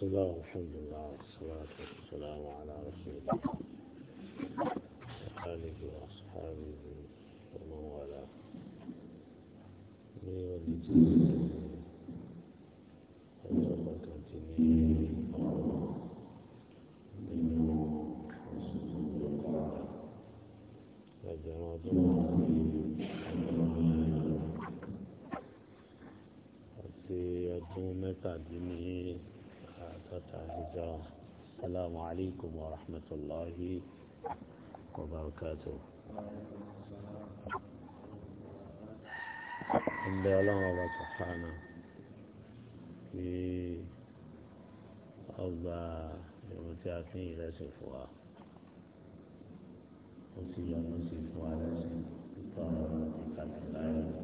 بسم الله والحمد لله والصلاة والسلام على رسول الله وآله وأصحابه ومن والاه من Àti ọdún mẹ́tàdínlẹ́yìn àádọ́ta hijra assalamu alaikum wa rahmatullahi wa barakatuh. ẹgbẹ́ ọlọ́run ọba sọ̀hánà kí ọgbà ìrùn tí a fi ń ìrẹsì fún wa ó sì yọ ọmọ sí fún wa lẹ́sìn tó ọ̀rọ̀ ìkàtúntà rẹ̀.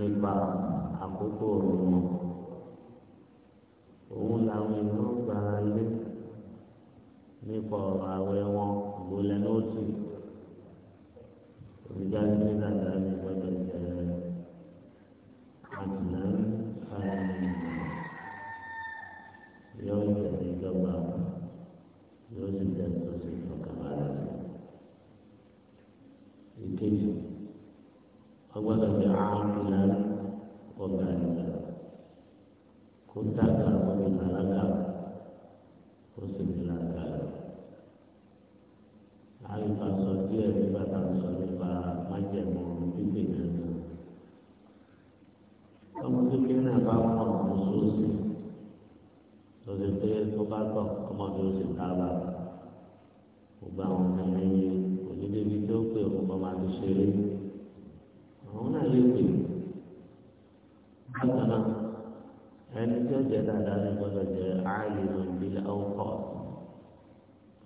nípa àkókò ọ̀rọ̀ òun làwọn èèyàn gbára lé nípa ọ̀rọ̀ àwẹ̀ wọn ìgbòlẹ̀ lóòtù òbí jáde nígbà tí a lè jẹ́ ẹ̀. bá tọ̀ ọmọ mi ò sì ń dábà gbogbo àwọn ọmọ mi yẹn kò ní débi tí ó pè ọmọ máa fi ṣeré àwọn náà lè pè bákan náà ẹni tí ó jẹ dáadáa ní gbọ́dọ̀ jẹ ààyè lòdì àwọn kọ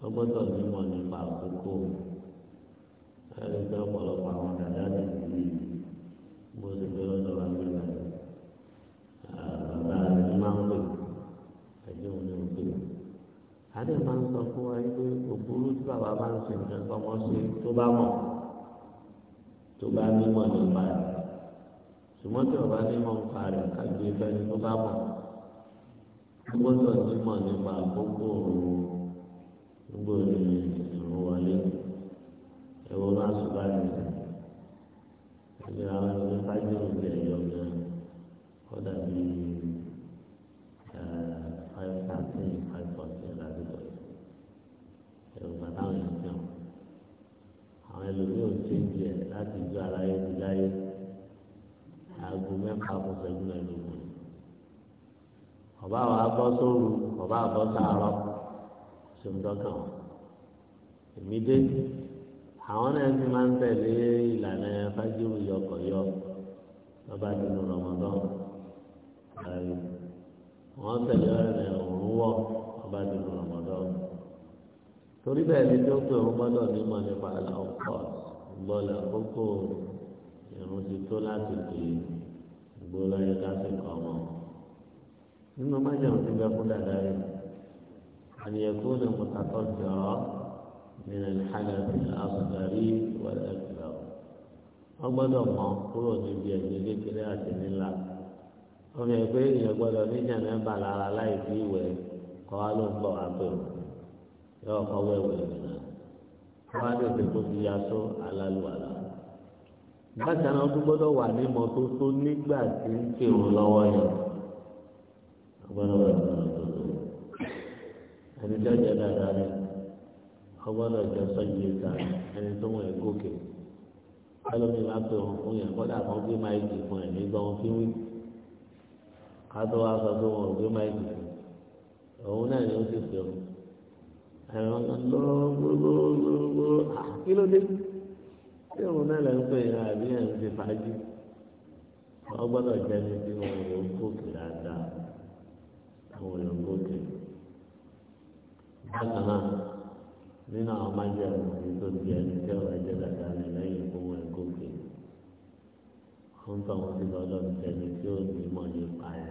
ọgbọ́dọ̀ nímọ̀ nípa àkókò. ọba bá ń ṣe nǹkan kọ́mọ ṣe tó bá mọ̀ tó bá nímọ̀ nípa rẹ̀ ṣùgbọ́n tí ọba nímọ̀ nípa rẹ̀ kájú ìfẹ́ni tó bá mọ̀ ó gbọ́dọ̀ nímọ̀ nípa àkókò gbogbo ìrìn wọlé ẹ̀wọ̀n máa sùn bá nìyẹn ẹ̀yìn àwọn ẹ̀yìn fájì òkè ẹ̀yọ̀ gan ọ̀dà bíi. ìṣẹ́jú mẹ́ẹ̀ẹ́dógún ọba àwọn abọ́ sóru ọba àbọ́ sàárọ̀ ṣòǹdọ́kà wọn èmi dé àwọn náà ti máa ń tẹ̀lé ìlànà fájírù yọkọ̀yọ lọ́ba dínú rọmọdán ààrẹ wọ́n tẹ̀lé ọ̀rẹ́ òun wọ̀ lọ́ba dínú rọmọdán torí bẹ́ẹ̀ ni tó òun gbọ́dọ̀ nímọ̀ nípa àlàó pọ̀ gbọ́dọ̀ àkókò ìrun ti tó láti pè é gbogbo lọ́yẹ ká sì kọ́ ọmọ nínú májèlú tí bẹ fún dàda rẹ àyẹ̀kú ni mo tàtọ́ jọ nínú ìhàlẹ̀ bí asùnàrí wọlé ẹ̀kúrẹ́ o wọ́n gbọ́dọ̀ mọ́ kúrò níbi ẹ̀jẹ̀ kékeré àti nílà wọ́n fi pé èèyàn gbọ́dọ̀ níjà mẹ́bà lára láì sí ìwẹ̀ kọ́ wá ló ń bọ̀ wá pé yọ ọkọ̀ wẹ̀wẹ̀ nìyẹn wọ́n á tètè kó fi yasó alálùwàlà bákan náà tó gbọ́dọ̀ wà ní mọ́tótó nígbà tí ń kírun lọ́wọ́ yẹn ọgbọ́dọ̀ wà ní mọ́tótó ẹni tí jẹ dáadáa ni ọgbọ́dọ̀ jẹ sọ́yìn ìta ẹni tó wọ́n ẹ̀ gòkè ẹlòmíì bá pè wọn fún yẹn kọ́dà kan gbé máìkì fún ẹ̀ nígbà wọn fi wí kátó wá sọ pé wọn ò gbé máìkì fún òun náà ni ó sì pè wọn ẹ̀rọ lọ́ọ́ gbogbo gbogbo kí ló dé tí òun náà lè ń pè yàn àbí ẹ̀ ń fi fàájì wọ́n gbọ́dọ̀ jẹ́ ní bí wọ́n yóò gòkè dáadáa àwọn yóò gòkè. bákan náà nínú àwọn májẹ̀ àti tó di ẹni tí ọ̀rọ̀ ẹ̀jẹ̀ dáadáa rẹ̀ lẹ́yìn ìfowó ẹ̀ gòkè. ó ń tọ́ wọn sí lọ́dọ̀ tẹ̀lé tí ó ní mọ̀ nípa ẹ̀.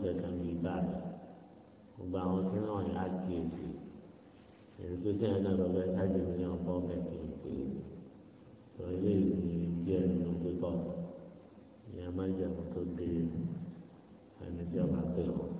sí kankan ní ibà rẹ̀ gbogbo àwọn tí náà yà á kí èsì èyí tó jẹ́ ẹ̀dá lọ́wọ́ ẹ̀ka jẹ̀mí ní ọ̀pọ̀ kẹ̀kẹ́ ìpè lọ ilé ìròyìn díẹ̀ nínú pípọ̀ ìyá má jẹun tó dé ẹni tí ọba pè wọ́n.